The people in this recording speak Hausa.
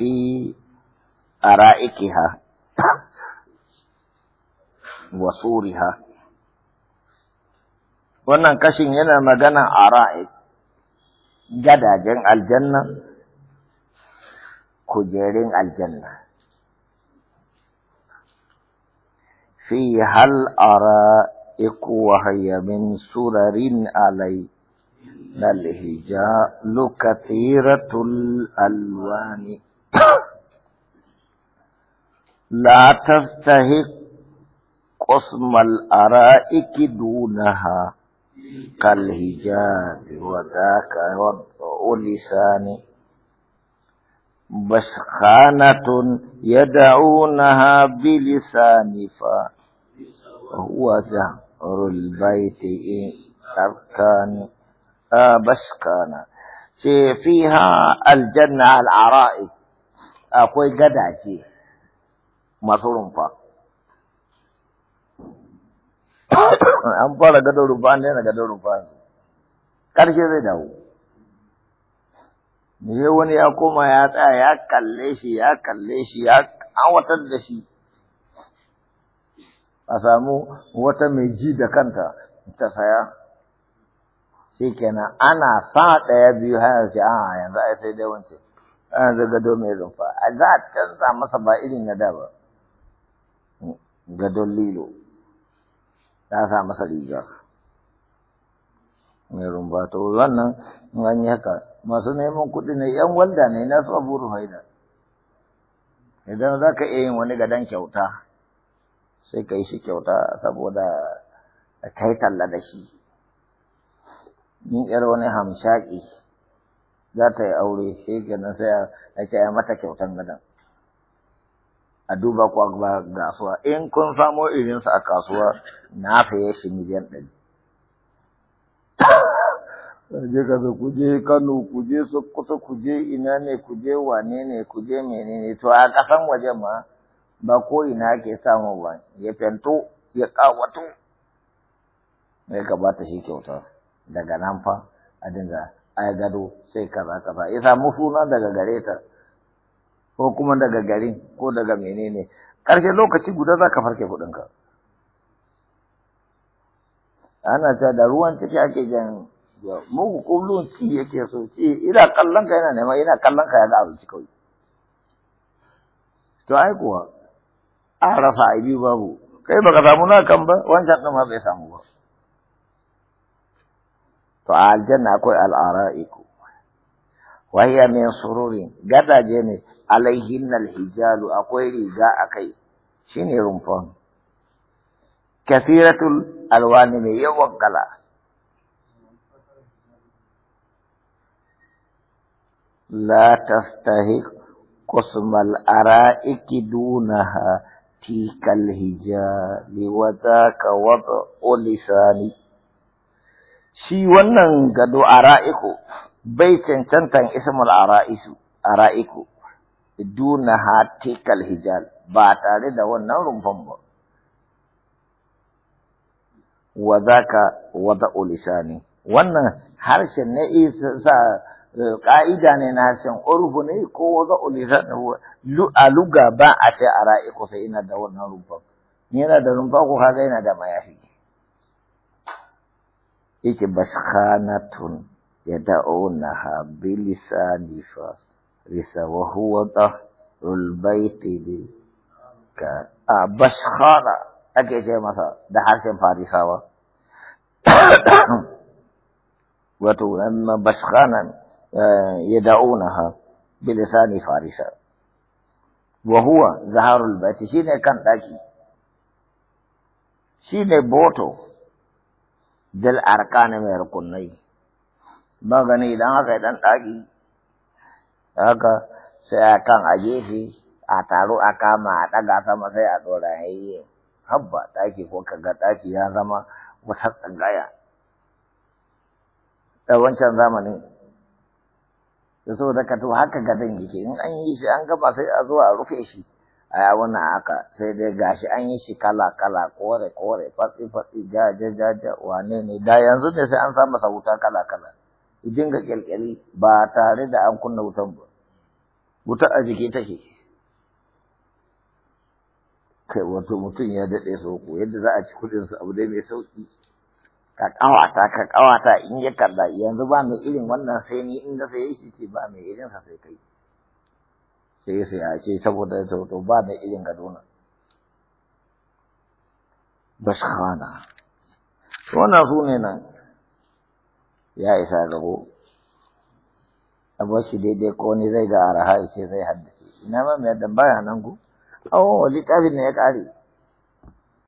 fi ara'ikiha wa suriha wannan kashin yana magana ara'ik gadajen aljanna kujerin aljanna fi hal ara'iku wa hayya min surarin alai الهجاء كثيرة alwani. لا تستحق قسم الأرائك دونها كالهجاز وذاك بس بشخانة يدعونها بلسان فهو زهر البيت إن تركان آه فيها الجنة العرائك آه، أقول قدعتي masu rumfa an fara gadon rumfa an daina gadon rumfa Karshe ƙarshe zai dawo ne wani ya koma ya tsaya ya kalle shi ya kalle shi ya awatar da shi a samu wata mai ji da kanta ta saya shi kenan ana sa ɗaya biyu hanyar ce a ah, yanzu ai sai dai wance ana gado mai rumfa a za a canza masa ba irin na da ba gadon lilo ta sa masa riga mai rumba to wannan in an yi haka masu neman kuɗi ne yan walda ne na su abu ruhaina idan za ka iya yin wani gadon kyauta sai ka yi shi kyauta saboda ka yi talla da shi in yar wani hamshaki, za ta yi aure sai na sai a kaya mata kyautan gadon a duba ku ba gasuwa in kun samo irinsa a kasuwa na faye shi miliyan ɗari je ka kuje Kano kuje Sokoto kuje ina ne kuje wane ne kuje ne, to a kasan waje ma ba ko ina ke samu ba ya fento ya kawato ya gabata shi kyauta daga nan fa a dinga ai gado sai kaza kaza ya samu suna daga gare ta ko kuma daga gari ko daga menene ƙarshen lokaci guda za ka farke kuɗinka ana ta da ruwan ciki ake jan mu kullum ci yake so ci ina kallon ka yana nema ina kallon ka yana abinci kawai to ai kuwa an rasa a biyu babu kai baka samu na kan ba wancan ɗin ma bai samu ba to a aljanna akwai iko. wahiya min sururin gadaje ne alaihin alhijalu akwai riga a kai shine rumfon kafiratul alwani mai yawan kala لا تستحق قسم الأرائك دونها تيك الهجال وذاك وضع لساني شي ونن قدو أرائكو bai cancantan ismul ara'isu ara'iku duna hatikal hijal ba tare da wannan rumfan ba wa zaka wada ulisani. wannan harshen ne isa eh, eh, ka'ida ne na harshen urfu ne ko wada'u ulisani a luga ba a ce ara'iku sai ina da wannan rumfan yana da rumfa ko kaga yana da mayafi yake bashkhanatun يدعونها بلسان فاس وهو ظهر البيت دي كا آه، بس خالا اكي جي مسا ده حاسم فاري خاوا وتو اما بس خانا آه، يدعونها بلسان فارسا وهو ظهر البيت شيني كان داكي شيني بوتو دل اركان ميركن نيه magani idan aka yi ɗan ɗaki haka sai a kan a gefe a taro a kama a ɗaga sama sai a ɗora hayye habba ɗaki ko kaga ɗaki ya zama wata tsangaya da wancan zamani da so da to haka gadon yake in an yi shi an gaba sai a zo a rufe shi a yawuna haka sai dai gashi an yi shi kala kala kore kore fatsi fatsi ja ja ja ja wane ne da yanzu ne sai an samu wuta kala kala dinga kyalkyali ba tare da an kunna wutan ba wuta a jike take kai wato mutum ya daɗe sauko yadda za a ci su abu dai mai sauƙi ka ƙawata ka ƙawata in ya kalla yanzu ba mai irin wannan sai ni in na saye shi ce ba mai irin sa sai kai sai sai a ce saboda to ba mai irin gadona bashana wannan su ne nan ya isa gabo a bar daidai ko ni zai ga araha ya zai haddace ina ma mai da baya nan ku awon wani ne ya ƙare